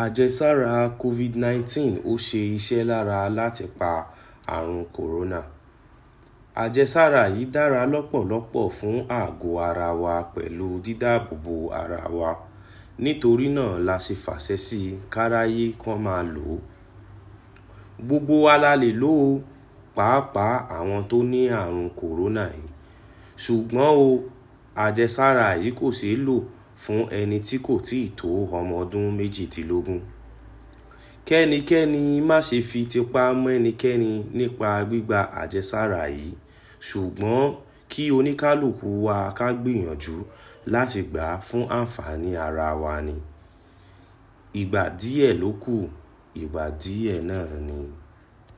àjẹsára covid-19 ó ṣe iṣẹ́ lára láti pa àrùn kòrónà. àjẹsára yìí dára lọ́pọ̀lọpọ̀ fún àgọ́ ara wa pẹ̀lú dídáàbòbò ara wa nítorí náà la ṣe fàṣẹ sí i káráyé kán máa lò ó. gbogbo wa la lè lò ó pàápàá àwọn tó ní àrùn kòrónà yìí ṣùgbọ́n o àjẹsára yìí kò ṣeé lò fún ẹni tí kò tíì tó ọmọ ọdún méjìdínlógún kẹ́nikẹ́ni má ṣe fi tipá mọ́ ẹnikẹ́ni nípa gbígba àjẹsára yìí ṣùgbọ́n kí oníkálukú wa ká gbìyànjú láti gbà á fún àǹfààní ara wa ni ìgbà díẹ̀ ló kù ìgbà díẹ̀ náà ni